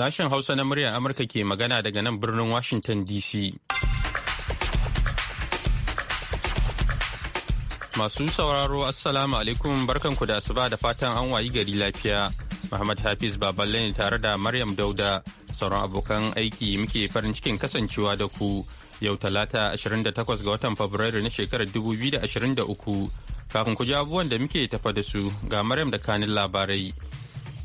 Sashen Hausa na muryar Amurka ke magana daga nan birnin Washington DC. Masu sauraro Assalamu alaikum barkanku da asuba da fatan an wayi gari lafiya. Muhammad Hafiz Baballe ne tare da Maryam Dauda sauran abokan aiki muke farin cikin kasancewa da ku yau talata 28 ga watan Fabrairu na shekarar 2023 kafin ku ji abubuwan da muke tafa da su ga Maryam da kanin labarai.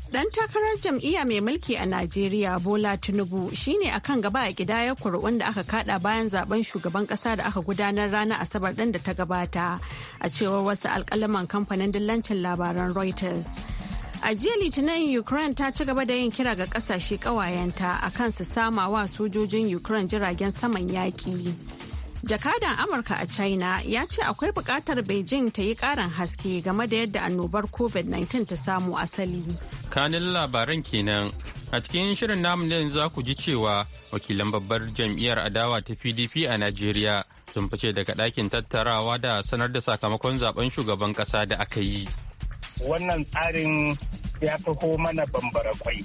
Dan takarar jam'iyya mai mulki a Najeriya Bola Tinubu shine akan gaba a kidayar kuri'un da aka kada bayan zaben shugaban kasa da aka gudanar ranar Asabar ɗin da ta gabata a cewar wasu alkalaman kamfanin dillancin labaran Reuters. A jiya Litinin Ukraine ta ci gaba da yin kira ga kasashe kawayenta akan su sama wa sojojin Ukraine jiragen saman yaƙi. Jakadan Amurka a China ya ce akwai bukatar Beijing ta yi ƙarin haske game da yadda annobar COVID-19 ta samu asali. Kanin labaran kenan a cikin shirin namu ne za ku ji cewa wakilan babbar jam'iyyar adawa ta PDP a Najeriya sun fice daga dakin tattarawa da sanar da sakamakon zaben shugaban ƙasa da aka yi. Wannan tsarin ya taho mana bambara kwai.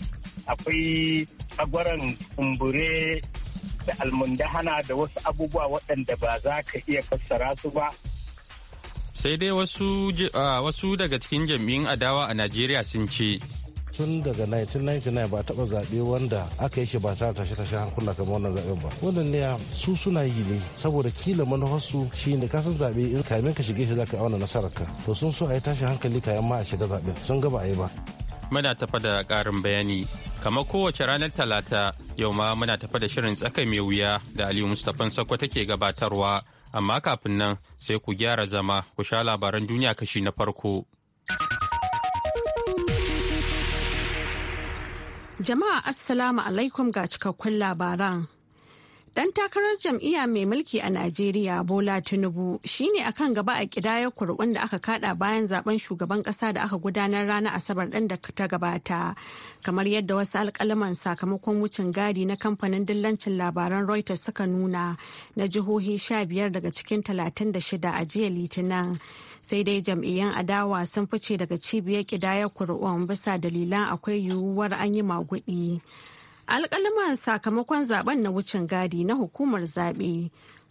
Akwai tsagwaron kumbure da almundahana da wasu abubuwa waɗanda ba za ka iya fassara su ba sai dai wasu, wasu daga cikin jam'in adawa a najeriya sun ce tun daga 1999 ba a taba zaɓe wanda aka yi shi ba tare tashe tashe hankula kamar wannan zaɓen ba wannan ne su suna yi ne saboda kila manufarsu shi ne ka san zaɓe in kamin ka shige shi za ka auna nasarar ka to sun so a yi tashi hankali kayan ma a shiga zaɓen sun gaba a yi ba. muna tafa da ƙarin bayani kamar kowace ranar talata Yau ma muna tafa da shirin tsaka mai wuya da Aliyu Mustapha Sakwa take gabatarwa, amma kafin nan sai ku gyara zama ku sha labaran duniya kashi na farko. Jama'a Assalamu alaikum ga cikakkun labaran. Dan takarar jam'iyya mai mulki a Najeriya Bola Tinubu shine akan gaba a kidaya kurɓun da aka kada bayan zaben shugaban ƙasa da aka gudanar ranar Asabar ɗin da ta gabata. Kamar yadda wasu alƙalaman sakamakon wucin gadi na kamfanin dillancin labaran Reuters suka nuna na jihohi sha biyar daga cikin talatin da shida a jiya Litinin. Sai dai jam'iyyan adawa sun fice daga cibiyar kidaya kuri'un bisa dalilan akwai yiwuwar an yi maguɗi. alƙalaman sakamakon zaben na wucin gadi na hukumar zaɓe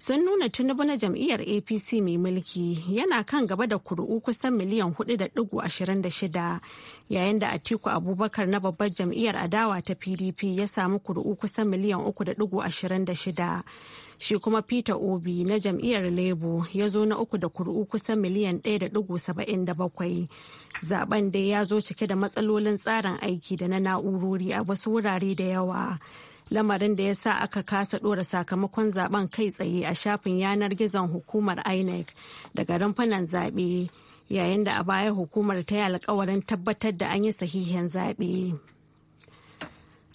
sun nuna tinubu na jam'iyyar apc mai mulki yana kan gaba da kuri'u kusan miliyan 4.26 yayin da atiku abubakar na babbar jam'iyyar adawa ta pdp ya samu kuri'u kusan miliyan 3.26 shi kuma peter obi na jam'iyyar labour ya zo na uku da kuri'u kusan miliyan 1.77 zaben dai ya zo cike da matsalolin tsarin aiki da na na'urori a wasu wurare da yawa lamarin da ya sa aka kasa ɗora sakamakon zaben kai tsaye a shafin yanar gizon hukumar inec daga rumfunan zaɓe yayin da a baya hukumar ta yi alkawarin tabbatar da an yi sahihin zaɓe.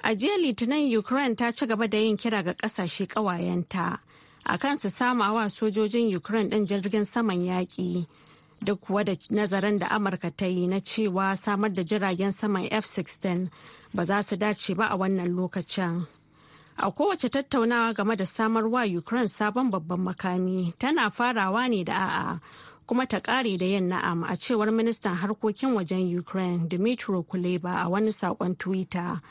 a jiya litinin ukraine ta ci gaba da yin kira ga ƙasashe kawayenta a kan su samawa sojojin ukraine ɗin jirgin saman yaƙi duk kuwa da nazarin da amurka ta yi na cewa samar da jiragen saman f-16 ba za su dace ba a wannan lokacin A kowace tattaunawa game da samarwa Ukraine sabon babban makami tana farawa ne da a'a kuma ta kare da yin na'am a cewar ministan harkokin wajen Ukraine dimitro Kuleba a wani saƙon Twitter.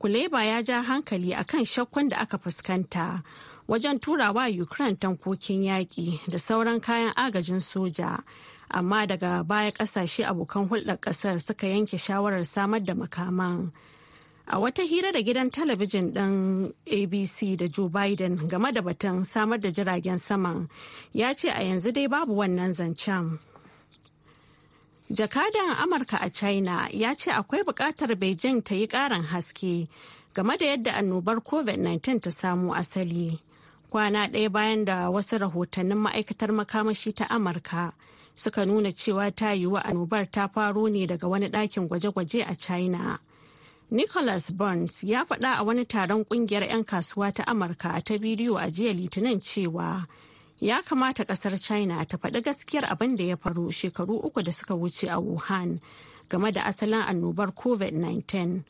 Kuleba ya ja hankali a kan shakkun da aka fuskanta wajen turawa Ukraine tankokin yaƙi da sauran kayan agajin soja. Amma daga baya ƙasashe abokan hulɗar ƙasar suka yanke shawarar samar da makaman. A wata hira da gidan talabijin ɗin ABC da Joe Biden game da batun samar da jiragen saman ya ce a yanzu dai babu wannan zancen. Jakadan Amurka a China ya ce akwai buƙatar Beijing ta yi ƙarin haske game da yadda annobar COVID-19 ta samu asali. Kwana ɗaya bayan da wasu rahotannin ma'aikatar makamashi ta Amurka suka nuna cewa ta yiwu annobar ta faro ne daga wani ɗakin gwaje-gwaje a China. Nicholas Burns ya faɗa a wani taron ƙungiyar 'yan kasuwa ta Amurka ta bidiyo a jiya Litinin cewa ya kamata ƙasar China ta faɗi gaskiyar abin da ya faru shekaru uku da suka wuce a Wuhan game da asalin annobar COVID-19.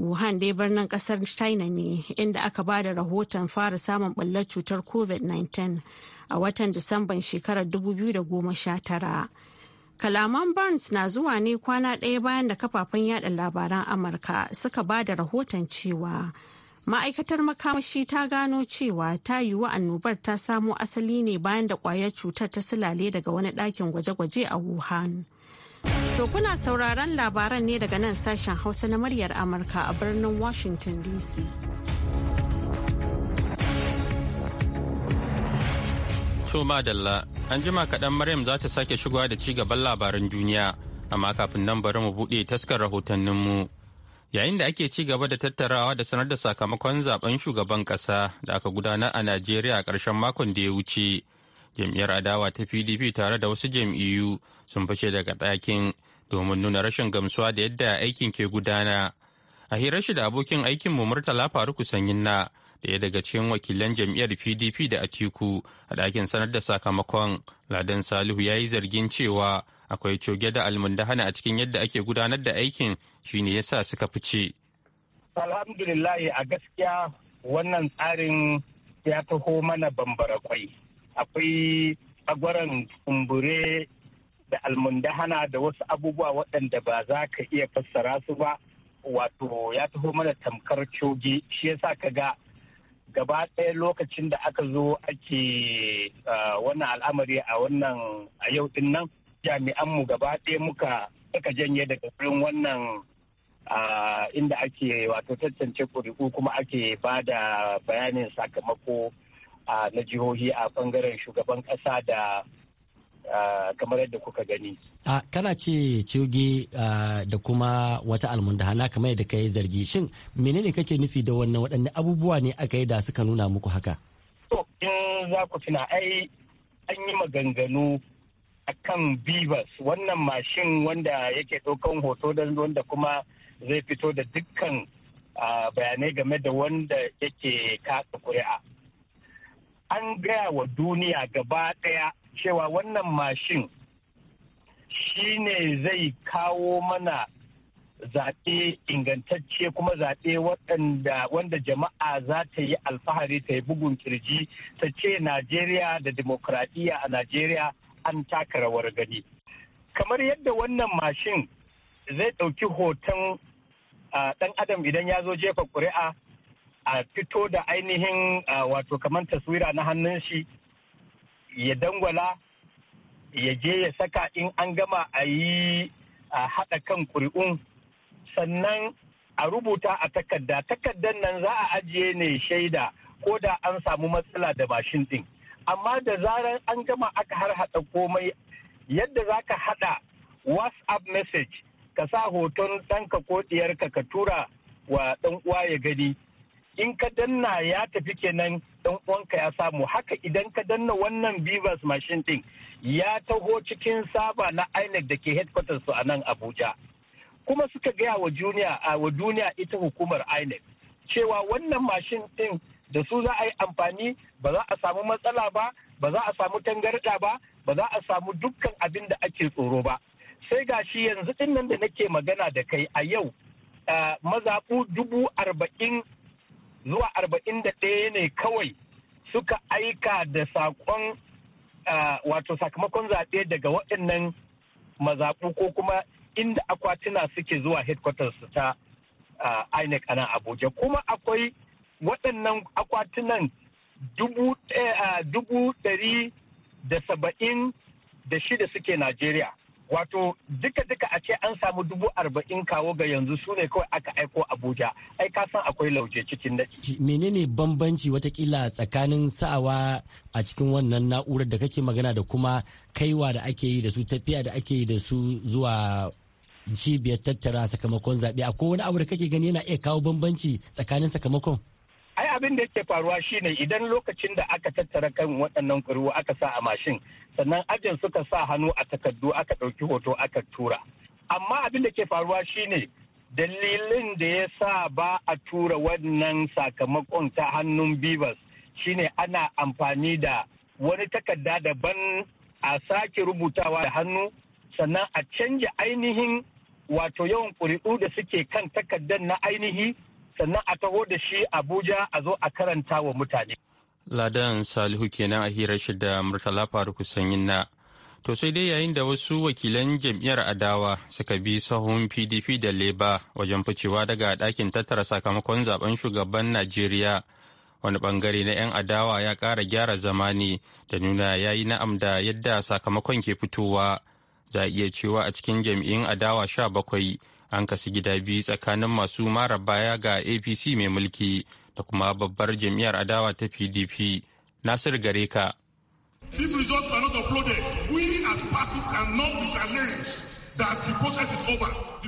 Wuhan dai birnin ƙasar China ne inda aka ba da rahoton fara samun ɓullar cutar COVID-19 a watan Disamban shekarar 2019. Kalaman Burns na zuwa ne kwana ɗaya bayan da kafafen yada labaran Amurka suka ba da rahoton cewa ma'aikatar makamashi ta gano cewa ta yiwu annobar ta samo asali ne bayan da kwayar cutar ta silale daga wani ɗakin gwaje-gwaje a Wuhan. To kuna sauraron labaran ne daga nan sashen Hausa na muryar Amurka a birnin Washington DC. To madalla, an jima kaɗan Maryam za ta sake shigowa da ci gaban labaran duniya, amma kafin nan bari mu buɗe taskar rahotanninmu. Yayin da ake ci gaba da tattarawa da sanar da sakamakon zaben shugaban ƙasa da aka gudana a Najeriya a ƙarshen makon da ya wuce, jam'iyyar adawa ta PDP tare da wasu jam'iyyu sun fashe daga ɗakin domin nuna rashin gamsuwa da yadda aikin ke gudana. A hirar shi da abokin aikinmu Murtala Faruku Sanyinna ya daga cikin wakilan jam'iyyar pdp da atiku a ɗakin sanar da sakamakon ladan salihu ya yi zargin cewa akwai coge da almundahana a cikin yadda ake gudanar da aikin shine yasa suka fice alhamdulillahi a gaskiya wannan tsarin ya taho mana bambara kwai akwai tsagwaron kumbure da almundahana da wasu abubuwa waɗanda ba za ka iya fassara su ba wato ya taho mana tamkar coge shi yasa ka ga gaba ɗaya lokacin da aka zo ake wannan al'amari a wannan a yau din nan jami'anmu gaba ɗaya muka aka janye daga wurin wannan inda ake wato tantance ƙuri'u kuma ake ba da bayanin sakamako na jihohi a bangaren shugaban ƙasa da kamar yadda kuka gani. A kana ce coge da kuma wata almundahana kamar yadda ka yi zargi shin menene kake nufi da wannan waɗanne abubuwa ne aka yi da suka nuna muku haka? To in za ku tuna ai an yi maganganu a kan Bivas wannan mashin wanda yake ɗaukan hoto don wanda kuma zai fito da dukkan bayanai game da wanda yake kasa kuri'a. An gaya wa duniya gaba ɗaya cewa wannan mashin shi ne zai kawo mana zaɓe ingantacce kuma zaɓe wanda jama'a za ta yi alfahari ta yi bugun kirji ta ce najeriya da demokradiyya a najeriya an taka rawar gani kamar yadda wannan mashin zai ɗauki hoton ɗan adam idan ya zo jefa ƙuri'a a fito da ainihin wato kamar taswira na hannun shi ya dangwala ya je ya saka in an gama a yi a haɗa kan ƙuri'un sannan a rubuta a takarda takardar nan za a ajiye ne shaida ko da an samu matsala da mashin ɗin amma da zarar an gama aka har haɗa komai yadda za ka haɗa whatsapp message ka sa hoton ɗanka ko ɗiyarka ka tura wa ɗan uwa ya gani in ka danna ya tafi kenan dan uwanka ya samu haka idan ka danna wannan beavers machine din ya taho cikin saba na inec da ke headquarters su a nan abuja kuma suka gaya wa juniya a wa duniya ita hukumar inec cewa wannan mashin din da su za a yi amfani ba za a samu matsala ba ba za a samu tangarda ba ba za a samu dukkan abin da ake tsoro ba sai ga shi yanzu din nan da nake magana da kai a yau mazaɓu dubu arba'in zuwa arba'in da ɗaya ne kawai suka aika da saƙon wato sakamakon zaɓe daga waɗannan mazaɓu ko kuma inda akwatuna suke zuwa headquarters ta INEC a nan Abuja. Kuma akwai waɗannan akwatunan dubu eh, ɗari da saba'in da shida suke Najeriya. wato duka duka a ce an samu dubu arba'in kawo ga yanzu su ne kawai aka aiko abuja ai ka san akwai lauje cikin daɗi. menene bambanci watakila tsakanin sa'awa a cikin wannan na'urar da kake magana da kuma kaiwa da ake yi da su tafiya da ake yi da su zuwa cibiyar tattara sakamakon zaɓe akwai wani abu da kake gani yana iya kawo bambanci tsakanin sakamakon. abin da yake faruwa shine idan lokacin da aka tattara kan waɗannan ƙuri'u aka sa a mashin sannan ajin suka sa hannu a takardu aka ɗauki hoto aka tura amma abin da ke faruwa shine dalilin da ya sa ba a tura wannan sakamakon ta hannun bivas shine ana amfani da wani takarda daban a sake rubutawa da hannu sannan a canja ainihin wato yawan ƙuri'u da suke kan takardar na ainihi sannan a taho da shi abuja a zo a karanta wa mutane ladan salihu kenan a hirar shi da murtala faruk sanyin na to sai dai yayin da wasu wakilan jam'iyyar adawa suka bi sahun pdp da leba wajen ficewa daga dakin tattara sakamakon zaben shugaban najeriya wani bangare na 'yan adawa ya ƙara gyara zama ne da nuna ya yi na'am da yadda sakamakon ke fitowa za a iya cewa a cikin jam'iyyun adawa sha bakwai an kasu gida biyu tsakanin masu mara baya ga apc mai mulki da kuma babbar jam'iyyar adawa ta pdp nasir gare ka If results we as party cannot be challenged.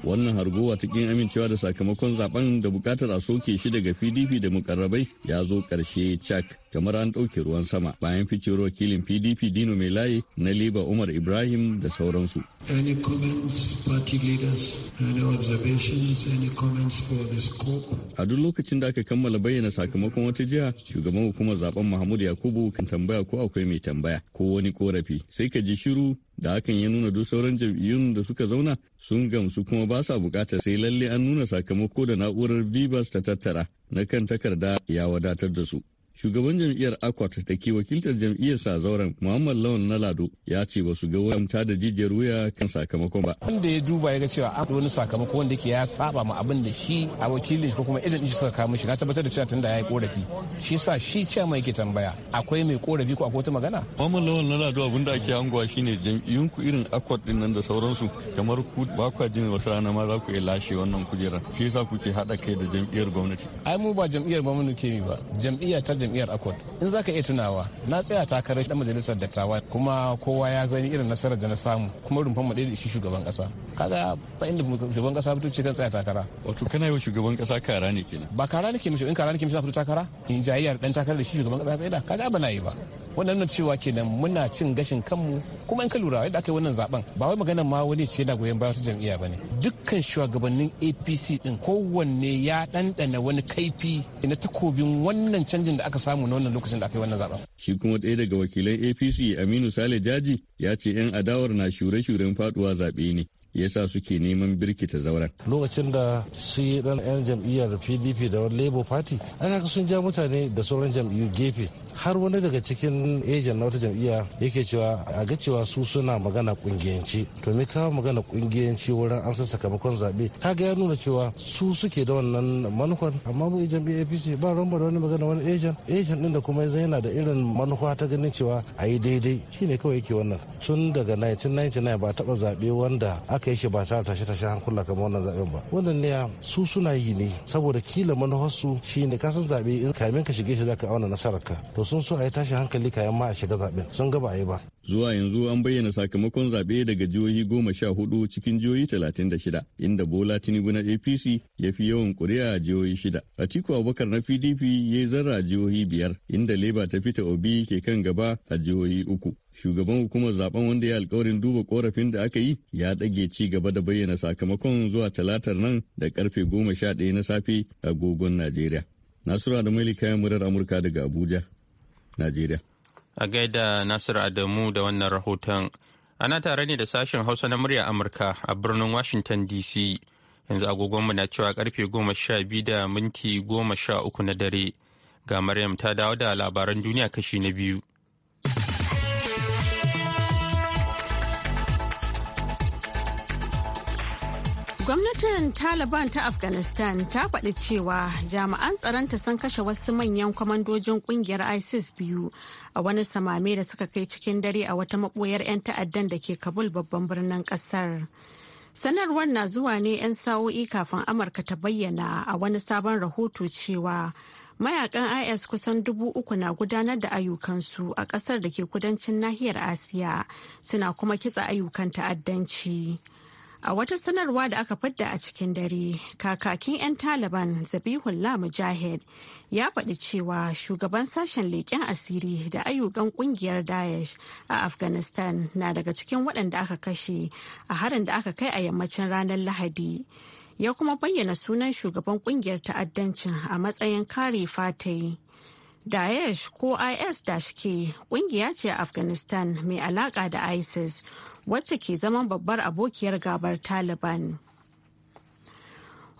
Wannan harguwa ta kin amincewa da sakamakon zaben da bukatar a soke shi daga PDP da mukarrabai ya zo karshe cak kamar an ɗauke ruwan sama bayan ficewar wakilin PDP Dino Mai Laye na leba Umar Ibrahim da sauransu. Any comments, party leaders? Any observations? Any comments for the scope? A duk lokacin da aka kammala bayyana sakamakon wata jiha, shugaban hukumar zaben Mahmud Yakubu kan tambaya ko akwai mai tambaya ko wani korafi. Sai ka ji shiru da hakan ya nuna duk sauran jam'iyyun da suka zauna sun gamsu kuma ba sa bukata sai lalle an nuna sakamako da na'urar bibas ta tattara na kan takarda ya wadatar da su shugaban jam'iyyar akwat da ke wakiltar jam'iyyar zauren muhammad lawan na lado ya ce ba su ga wamta da jijiyar wuya kan sakamakon ba wanda ya duba ya ga cewa an wani sakamako wanda ke ya saba ma abin da shi a wakilin ko kuma idan shi suka kawo shi na tabbatar da cewa tunda ya yi korafi shi sa shi ce mai ke tambaya akwai mai korafi ko akwai wata magana muhammad lawan na lado abin da ake hangowa shine jam'iyyun ku irin akwat din nan da sauransu kamar ku ba kwa jin wasu rana ma za ku iya lashe wannan kujerar shi yasa kuke haɗa kai da jam'iyyar gwamnati ai mu ba jam'iyyar gwamnati ke ba jam'iyya ta jam'iyyar akon in za ka iya tunawa na tsaya takarar dan majalisar dattawa kuma kowa ya zani irin nasarar da na samu kuma rumfan mu da shi shugaban kasa kaga ba inda shugaban kasa fito ce kan tsaya takara wato kana yi shugaban kasa kara ne kenan ba kara ke mishi in kara ke mishi na fito takara in jayyar dan takarar da shi shugaban kasa tsaya da kaga ba na yi ba wannan cewa kenan muna cin gashin kanmu kuma in ka lura yadda aka yi wannan zaben ba wai magana ma wani ce yana goyon bayan wata jam'iyya ne. dukkan shugabannin APC din kowanne ya dandana wani kaifi na takobin wannan canjin da aka samu na wannan lokacin da aka yi wannan zaben. Shi kuma ɗaya daga wakilan APC Aminu Sale Jaji ya ce 'yan adawar na shure-shuren faduwa zaɓe ne yasa suke neman birkita zauren. Lokacin da yi dan 'yan jam'iyyar PDP da wani Labour Party, aka sun ja mutane da sauran jam'iyyu gefe. Har wani daga cikin ejen na wata jam'iyya yake cewa a ga cewa su suna magana kungiyanci. To me kawo magana kungiyanci wurin an san sakamakon zaɓe. ka ga ya nuna cewa su suke da wannan manufar amma mu jam'iyyar APC ba ramba da wani magana wani ejen. Ejen ɗin da kuma yana da irin manufa ta ganin cewa a yi daidai ne kawai yake wannan. Tun daga 1999 ba a taɓa zaɓe wanda aka yi shi ba tare tashe tashe hankula kamar wannan zaben ba wannan ne su suna yi ne saboda kila manufarsu shine ka san zaɓe in kamin ka shige shi zaka auna nasararka to sun so a yi tashi hankali kayan ma a shiga zaɓen sun ga ba a yi ba Zuwa yanzu an bayyana sakamakon zaɓe daga jihohi goma sha hudu cikin jihohi talatin da shida, inda Bola Tinubu na APC ya fi yawan ƙuri'a a jihohi shida. Atiku Abubakar na PDP ya yi zarra a jihohi biyar, inda Leba ta fita Obi ke kan gaba a jihohi uku. Shugaban hukumar zaben wanda ya alkawarin duba korafin da aka yi ya dage ci gaba da bayyana sakamakon zuwa talatar nan da karfe goma sha ɗaya na safe a agogon Najeriya. Nasura da kayan murar Amurka daga Abuja, Najeriya. A gaida Nasir Adamu da wannan rahoton. Ana tare ne da sashen Hausa na murya Amurka a birnin Washington DC. Yanzu agogonmu na cewa karfe goma sha biyu da minti goma sha uku na dare. Ga Maryam ta dawo da labaran duniya kashi na biyu. Gwamnatin Taliban ta Afghanistan ta faɗi cewa jami'an tsaronta sun kashe wasu manyan kwamandojin ƙungiyar ISIS biyu a wani samame da suka kai cikin dare a wata maɓoyar 'yan ta'addan da ke Kabul babban birnin ƙasar. Sanarwar na zuwa ne 'yan sa'o'i kafin Amurka ta bayyana a wani sabon rahoto cewa mayakan IS kusan dubu uku na gudanar da ayyukansu a ƙasar da ke kudancin nahiyar Asiya suna kuma kitsa ayyukan ta'addanci. A wata sanarwa da aka fadda a cikin dare, kakakin 'yan Taliban Zabihullah Mujahid ya faɗi cewa shugaban sashen leƙen asiri da ayyukan ƙungiyar Daesh a Afghanistan na daga cikin waɗanda aka kashe a harin da aka kai a yammacin ranar Lahadi. Ya kuma bayyana sunan shugaban ƙungiyar ta'addancin a matsayin kare fatai. Daesh ko IS-K ƙungiya ce a Afghanistan mai alaƙa da ISIS. wacce ke zaman babbar abokiyar gabar Taliban.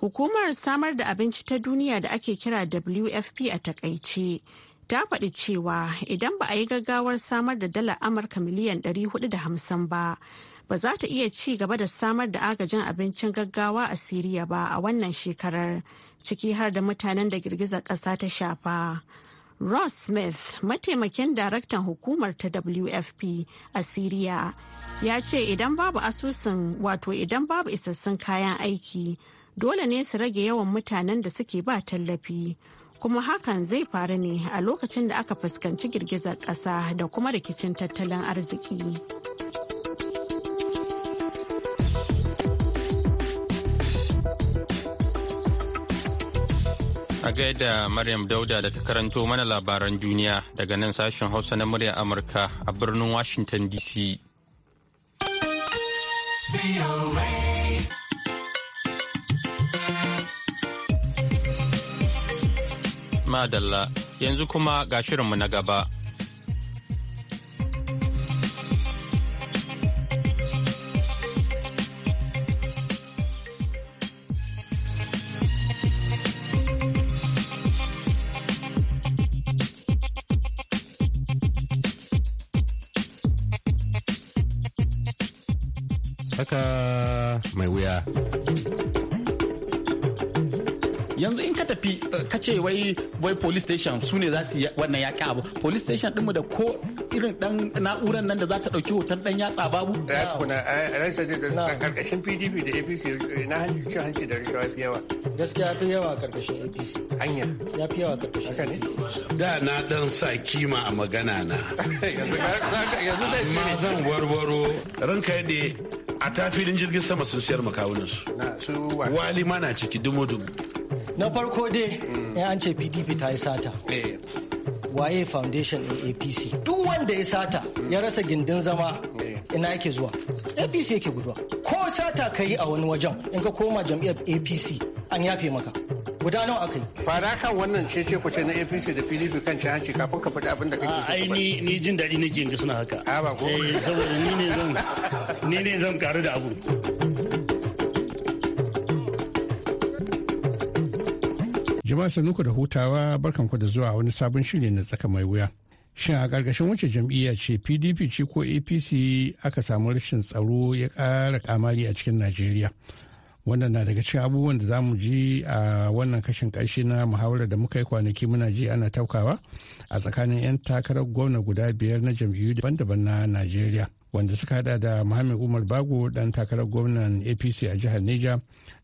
Hukumar samar da abinci ta duniya da ake kira WFP a takaice ta faɗi cewa idan ba a yi gaggawar samar da dala Amurka miliyan 450 ba, ba za ta iya ci gaba da samar da agajin abincin gaggawa a Siriya ba a wannan shekarar, ciki har da mutanen da girgizar ƙasa ta shafa. Ross Smith, mataimakin daraktan hukumar ta WFP a Siriya, ya ce idan babu asusun wato idan babu isassun kayan aiki, dole ne su rage yawan mutanen da suke ba tallafi. Kuma hakan zai faru ne a lokacin da aka fuskanci girgizar ƙasa da kuma rikicin tattalin arziki. A gaida Maryam Dauda da ta karanto mana labaran duniya daga nan sashen Hausa na murya Amurka a birnin Washington DC. Madalla, yanzu kuma ga shirinmu na gaba. wai police station su ne za su yi wannan yaƙi abu police station ɗinmu da ko irin dan na'urar nan da za ta dauki hoton dan yatsa babu. da kuna ran sa da karkashin pdp da apc na hanci cin hanci da rashawa fi yawa. gaskiya ya fi yawa karkashin apc. hanya ya fi yawa karkashin ne da na dan sa kima a magana na. yanzu zai ci ne zan warwaro ranka yadda a tafilin jirgin sama sun siyar makawunan su. wali ma na ciki dumo-dumo. na farko dai ya an ce pdp ta yi sata waye foundation in apc duk wanda ya sata ya rasa gindin zama ina yake zuwa apc yake guduwa ko sata ka yi a wani wajen in ka koma jam'iyyar apc an yafe maka guda nawa aka yi. Fara kan wannan ce ce kuce na APC da PDP kan cin hanci kafin ka faɗi abin da kake so. Ai ni ni jin daɗi nake in suna haka. A ah, ba ko. Eh saboda ni ne zan ni ne zan karu da abu. jama'a sanuku da hutawa barkanku da zuwa wani sabon shiri na tsaka mai wuya shin a ƙarƙashin wace jam'iyya ce pdp ce ko apc aka samu rashin tsaro ya ƙara kamari a cikin najeriya wannan na daga cikin abubuwan da za mu ji a wannan kashin ƙarshe na muhawarar da muka yi kwanaki muna ji ana taukawa a tsakanin 'yan takarar gwamna guda biyar na jam'iyyu daban-daban na najeriya wanda suka hada da Muhammad Umar Bago dan takarar gwamnan APC a jihar Niger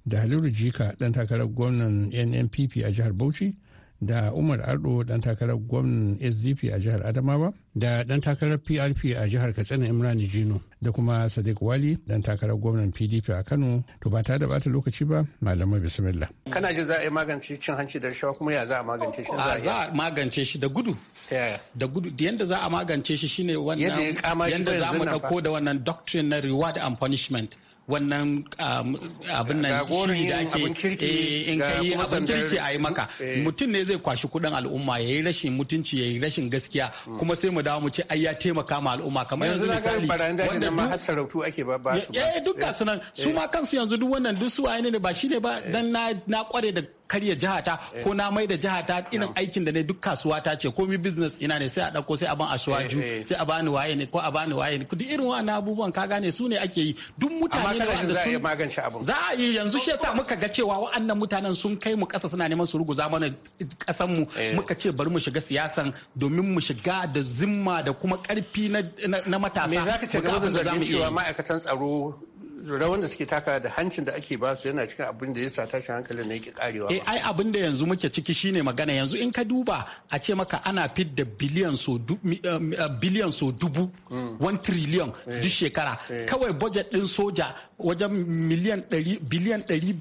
da Halilu Jika dan takarar gwamnan NNPP a jihar Bauchi da umar ardo dan takarar gwamnan sdp a jihar adamawa da dan takarar prp a jihar katsina imran jino da kuma sadiq wali dan takarar gwamnan pdp a kano to ba ta da bata lokaci ba malamai bismillah kana jin za a yi magance cin hanci da rashawa kuma ya za a magance shi za a magance shi da gudu da gudu yanda za a magance shi shine wannan yanda za mu dauko da wannan doctrine na reward and punishment wannan um, abin nan shiri da ake eh, in ka yi abin kirki a yi maka eh. mutum ne zai kwashi kudin al'umma ya yi rashin mutunci ya yi rashin gaskiya hmm. kuma sai mu dawo mu ce ai ya taimaka ma al'umma kamar yanzu misali wanda ma hasarautu ake ba ba su ba eh, eh duk sunan su ma kansu yanzu duk wannan duk su ne ba shine ba dan na kware da karya jihata eh. ko na mai da jihata ina aikin da ne duk kasuwa ta ce komi business ina ne sai a dauko sai a ban ashwaju eh, eh. sai a bani waye ne ko a bani waye ne duk irin wannan abubuwan ka gane su ne ake yi duk mutane ne wanda su magance za a yi yanzu shi yasa muka ga cewa wa'annan mutanen sun kai mu kasa suna neman su ruguza mana kasan mu muka ce bari mu shiga siyasan domin mu shiga da zimma da kuma karfi na matasa me zaka ce game da zargin cewa ma'aikatan tsaro rawan da suke taka da hancin da ake ba su yana cikin abin da ya sa tashin hankalin na yake karewa eh ai abin da yanzu muke ciki shine magana yanzu in ka duba a ce maka ana da biliyan so eh, eh, biliyan so dubu 1 hmm. trillion eh. duk shekara kawai budget din soja wajen miliyan biliyan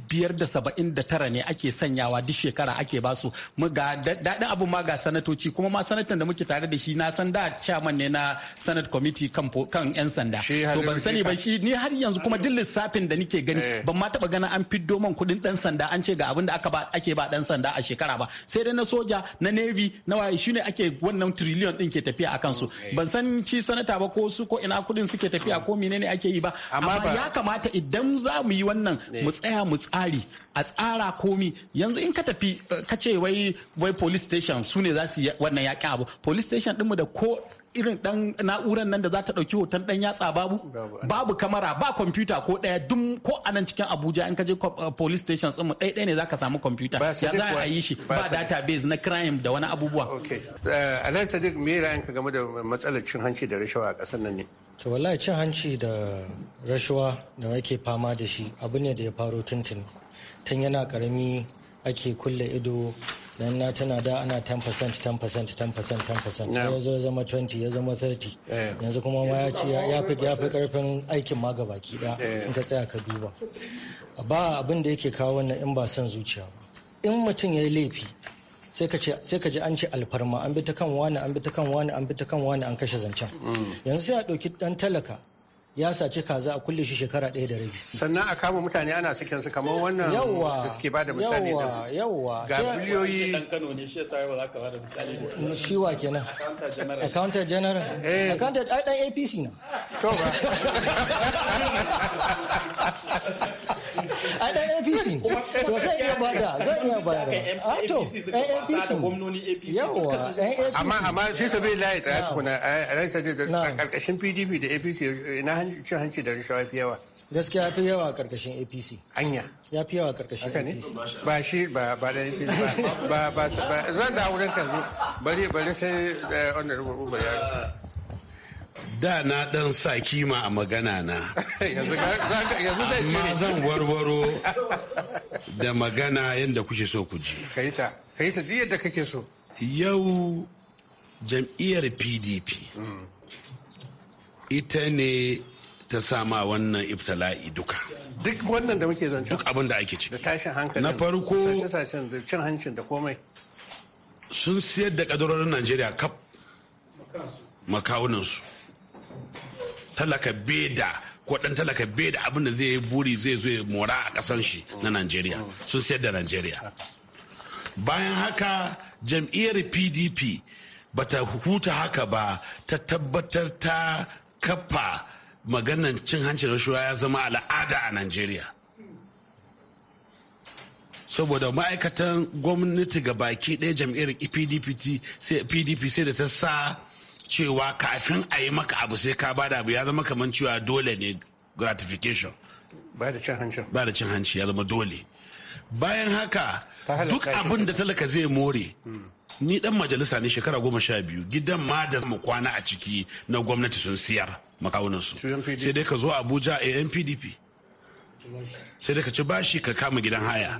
579 ne ake sanyawa duk shekara ake ba su ga dadin abu ma ga sanatoci kuma ma sanatan da muke tare da shi na san da chairman ne na senate committee kan 'yan sanda to ban sani ba shi ni har yanzu kuma duk lissafin da nike gani eh. ban ma taba ganin an fiddo man kuɗin dan sanda an ce ga abin da aka ba ake ba dan sanda a shekara ba sai dai na soja na navy na waye shine ake wannan trillion din ke tafiya akan su eh. ban san ci sanata ba ko su ko ina kuɗin suke tafiya ko menene ake yi ba amma ya kamata idan za mu yi wannan eh. mu tsaya mu tsari a tsara komi yanzu in ka tafi ka ce wai wai police station su ne za su yi wannan yakin abu police station mu da ko irin dan na'urar nan da za ta ɗauki hoton dan yatsa babu babu kamara ba kwamfuta ko ɗaya dum ko anan cikin abuja in ka je eh, police station mu ɗaya ɗaya ne za ka samu kwamfuta ya za a yi shi ba database na crime da wani abubuwa eh, alhaji sadiq me ra'ayin ka game da matsalar cin hanci da rashawa a ƙasar nan ne to wallahi cin hanci da rashawa da ake fama da shi abu ne da ya faro tuntun tun yana karami ake kulle ido dan na tana da ana 10% 10% 10% 10% ya ya zama 20 ya zama 30 eh. yanzu kuma ma ya ci ya fi ya fi karfin aikin ma gabaki da eh. in ka tsaya ka duba ba abin da yake kawo wannan in ba son zuciya ba in mutum ya yi laifi sai ka ji an ce alfarma an bi ta kan wani an bi ta kan wani an bi ta kan wani an kashe zancen mm. yanzu sai a ɗauki ɗan talaka ya saci kaza a kulle shi shekara ɗaya da rabi. Sannan a kama mutane ana sikin su kamar wannan da suke bada misali da yawa ga biliyoyi dan Kano ne shi yasa ba za ka bada misali da shi wa kenan accountant general accountant eh. ai dan APC na to ba ai dan APC to zai iya bada zai iya bada a ah, to dan APC gwamnoni APC yawa dan APC amma amma fi sabilillah ya tsaya tsuna ran sai da karkashin PDP da APC ina cin hanci da rashawa fi yawa gaskiya ya fi yawa karkashin apc anya ya fi yawa karkashin apc ba shi ba ba da apc ba ba ba zan da wurin kanzu bari bari sai eh, honorable uba ya da na dan sa kima a magana na amma zan warwaro da magana yadda kuke so ku ji kai ta kai ta yadda kake so yau jam'iyyar pdp mm. ita ne ta sama wannan iftala'i duka duk wannan da muke zance duk abin da ake ciki da tashin hankali na farko sace-sacen da cin hancin da komai sun siyar da kadarorin Najeriya kaf makawunansu talaka beda ko dan talaka beda abin da zai yi buri zai zo ya mora a kasan shi na Najeriya sun siyar da Najeriya bayan haka jam'iyyar PDP bata huta haka ba ta tabbatar ta kafa maganan cin hanci rashuwa ya zama al'ada a najeriya saboda ma'aikatan gwamnati ga baki ɗaya jam'iyyar pdp e sai da ta sa cewa kafin a yi maka abu sai ka bada abu ya zama kamar cewa dole ne gratification ba da cin hanci ya zama dole bayan haka duk abin da talaka zai more hmm. ni dan majalisa ne shekara goma sha biyu gidan ma da mu kwana a ciki na gwamnati sun siyar makawunansu sai dai ka zo abuja a eh, npdp sai dai ka ci bashi ka kama gidan haya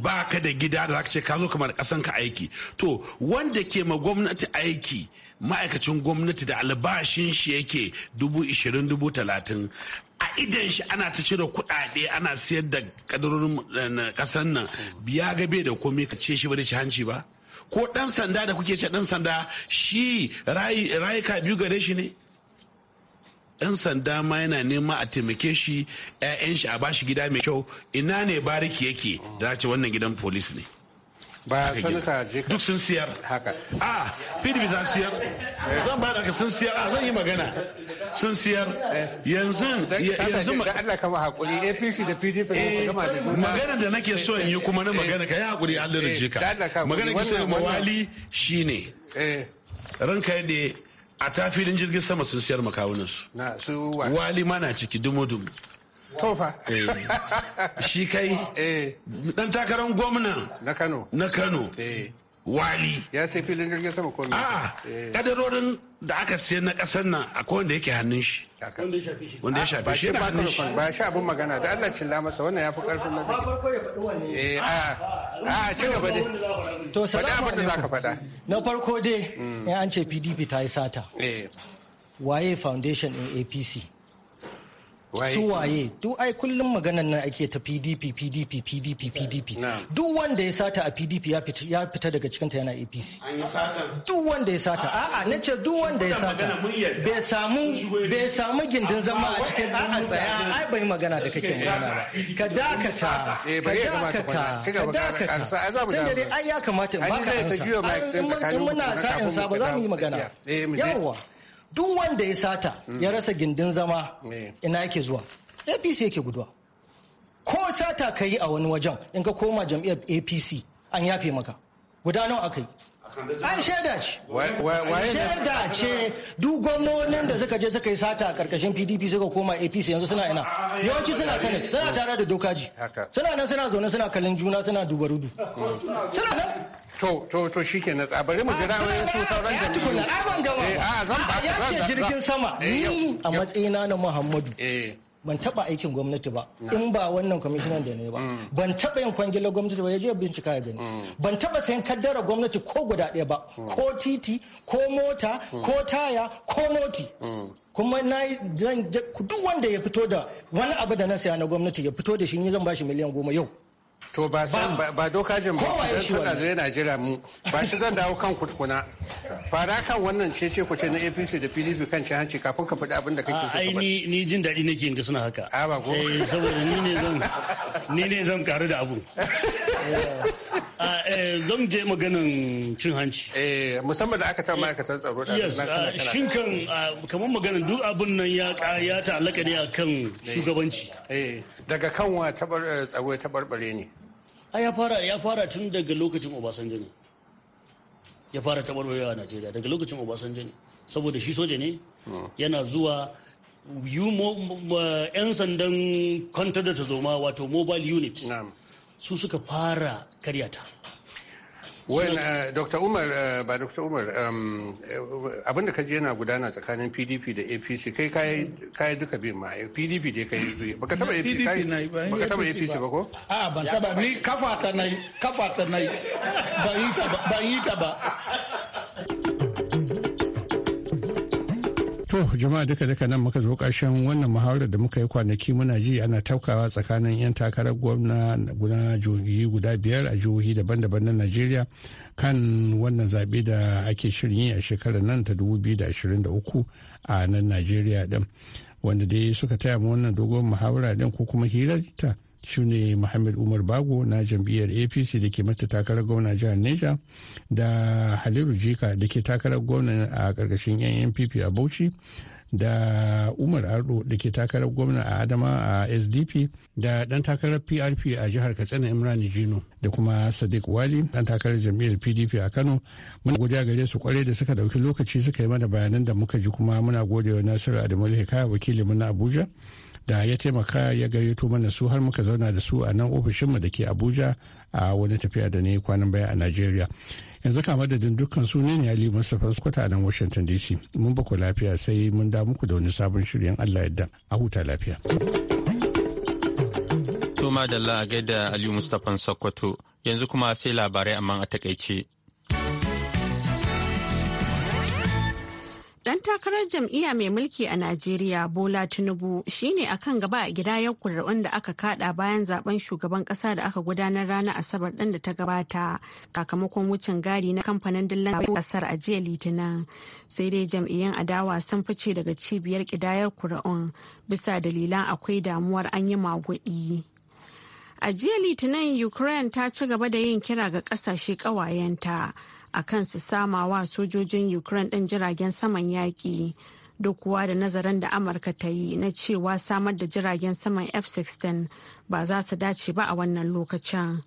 ba ka da gida da zaka ce ka zo kamar kasan ka aiki to wanda ke ma gwamnati aiki ma'aikacin gwamnati da albashin shi yake dubu ishirin dubu talatin a idan shi ana ta cire kuɗaɗe ana siyar da kadarorin kasan eh, nan biya gabe da komai ka ce shi ba da ci hanci ba ko dan sanda da kuke ce dan sanda shi rayuka biyu gare shi ne dan sanda ma yana nema a taimake shi 'ya'yan shi a bashi gida mai kyau ina ne bariki yake da ce wannan gidan polis ne ba sanata je duk sun siyar haka a pdp sun siyar zan ba da sun siyar a zan yi magana sun siyar eh. yanzu yanzu Allah ba hakuri APC da PDP ne su gama eh, da magana da nake so in yi kuma na eh. magana ka yi hakuri Allah da jika magana ki so mawali shine ranka yadda a tafilin jirgin sama sun siyar makawunan su wali ma na ciki dumo dumo. tofa eh, shi kai eh. dan takarar gwamna na kano na kano eh. wali ya sai filin jirgin sama ko a ah, kadarorin da aka sayar na kasar nan akwai wanda yake hannun shi wanda ya shafi shi ah, ba shi ba shi abun magana da Allah cilla masa wannan ya fi karfin na eh ah, a a ci gaba dai to salamu abin da zaka faɗa na farko dai an ce PDP ta yi sata waye foundation in APC su waye duk ai kullum maganar nan ake ta pdp pdp pdp pdp duk wanda ya sata a pdp ya fita daga cikinta yana apc duk wanda ya sata a'a na ce duk wanda ya sata bai samu bai samu gindin zama a cikin a'a tsaya ai bai magana da kake magana ba ka dakata eh, ka dakata ka dakata ai ya kamata in baka ansa in muna sa'in sa ba za mu yi magana eh, yawa duk wanda ya sata ya rasa gindin zama ina yake zuwa apc yake guduwa ko sata ka yi a wani wajen in ka koma jam'iyyar apc an yafe maka guda nawa aka yi an shaida ce shaida ce duk gwamnonin da suka je suka yi sata a karkashin pdp suka koma apc yanzu suna ina yawanci suna senate suna tare da dokaji suna nan suna zaune suna kallon juna suna dubarudu suna nan to to to shikenan a bari mu ah, jira wani su sauran jami'u a zan ba ah, ya ce jirgin sama eh, ni a matsayina na Muhammadu eh. ban taba aikin gwamnati ba in ba wannan kwamishinan da ne ba mm. ban taba yin kwangilar gwamnati ba ya je bincika ya gani mm. ban taba sayan kaddara gwamnati ko guda ɗaya ba mm. ko titi ko mota ko taya ko moti. kuma na duk wanda ya fito da wani abu da na saya na gwamnati ya fito da shi ni zan bashi miliyan goma yau To ba san ba doka jin ba shi suna zai na jira mu ba shi zan dawo kan kutkuna fara kan wannan ce ce ku ce na APC da PDP kan cin hanci kafin ka faɗi abin da kake so. Ai ni ni jin daɗi nake inda suna haka. A ba ko. Eh saboda ni ne zan ni ne zan karu da abu. Eh, zan je maganin cin hanci. Eh, musamman da aka ta ma'aikatan tsaro da yes, shin kan kamar maganin duk abin nan ya ya ta'allaka ne akan eh. shugabanci. daga kan wa tsaro ta barbare ne. a ya fara ya fara tun daga lokacin obasanjo ne ya fara tabarbarewa a najeriya daga lokacin obasanjo ne saboda shi soja ne yana zuwa yan sandan kwantar da ta zoma wato mobile unit su suka fara karyata Well, uh, Dr. Umar uh, ba Dr. Umar um, uh, abinda ka je na gudana tsakanin PDP da APC kai kai duka bin ma PDP dai kai baka taba APC baka taba APC ba ko? A ban taba ni kafa ta yi kafa ta yi ban yi ta ba To jama'a duka duka nan muka zo ƙarshen wannan muhawarar da muka yi kwanaki muna ji ana taukawa tsakanin 'yan takarar gwamna guda jihohi guda biyar a jihohi daban-daban na Najeriya kan wannan zaɓe da ake shirin yi a shekarar nan ta 2023 a nan Najeriya din. Wanda dai suka taya mu wannan dogon muhawara din ko kuma hirarta shine muhammad umar bago na jam'iyyar apc da ke mata takarar gwamna jihar neja da haliru jika da ke takarar gwamna a ƙarƙashin yan npp a bauchi da umar ardo da ke takarar gwamna a adama a sdp da dan takarar prp a jihar katsina imran jino da kuma sadiq wali dan takarar jam'iyyar pdp a kano muna godiya gare su kwarai da suka dauki lokaci suka yi mana bayanan da muka ji kuma muna gode wa nasiru adamu hikaya wakilin mu na abuja da ya taimaka ya gayyato mana su har muka zauna da su a nan ofishinmu da ke abuja a wani tafiya da ne kwanan baya a nigeria yanzu ka madadin dukkan su ne ali mustapha skwata a nan washington dc mun bako lafiya sai mun da muku da wani sabon shirin allah yadda a huta lafiya to madalla a gaida aliyu mustapha sokoto yanzu kuma sai labarai amma a takaice Dan takarar jam'iyya mai mulki a Najeriya Bola Tinubu shine a kan gaba a gidayar kuri'un da aka kada bayan zaben shugaban kasa da aka gudanar ranar Asabar ɗin da ta gabata Kakamakon wucin gari na kamfanin dillan kasar a jiya Litinin. Sai dai jam'iyyun adawa sun fice daga cibiyar gidayar kuri'un bisa dalilan akwai damuwar an yi maguɗi. A jiya Litinin Ukraine ta ci gaba da yin kira ga ƙasashe ƙawayenta. akan su sama wa sojojin ukraine ɗin jiragen saman yaƙi duk kuwa da nazarin da amurka ta yi na cewa samar da jiragen saman f-16 ba za su dace ba a wannan lokacin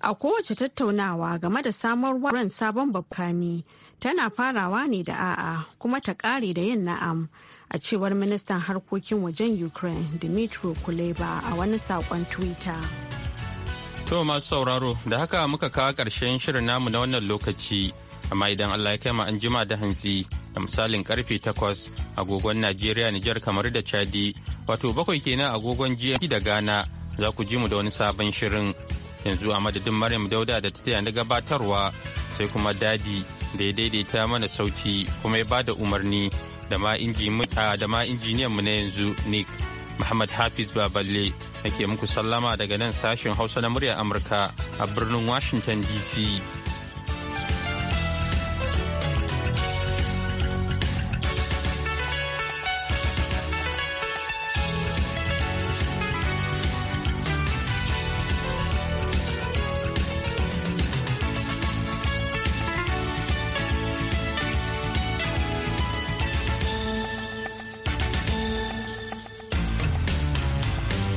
a kowace tattaunawa game da samarwa ran sabon babkami tana farawa ne da a'a kuma ta ƙare da yin na'am a cewar ministan harkokin wajen ukraine dimitro kuleba a wani saƙon twitter To masu sauraro da haka muka kawo ƙarshen shirin namu na wannan lokaci amma idan Allah ya kai an jima da hantsi da misalin karfe takwas agogon Najeriya Nijar kamar da Chadi wato bakwai kenan agogon GMT da Ghana za ku ji mu da wani sabon shirin yanzu a madadin Maryam Dauda da ta taya na gabatarwa sai kuma dadi da ya daidaita mana sauti kuma ya bada umarni da ma injiniyan mu na yanzu Nick Muhammad Hafiz Baballe nake muku sallama daga nan sashin Hausa na murya Amurka a birnin Washington DC.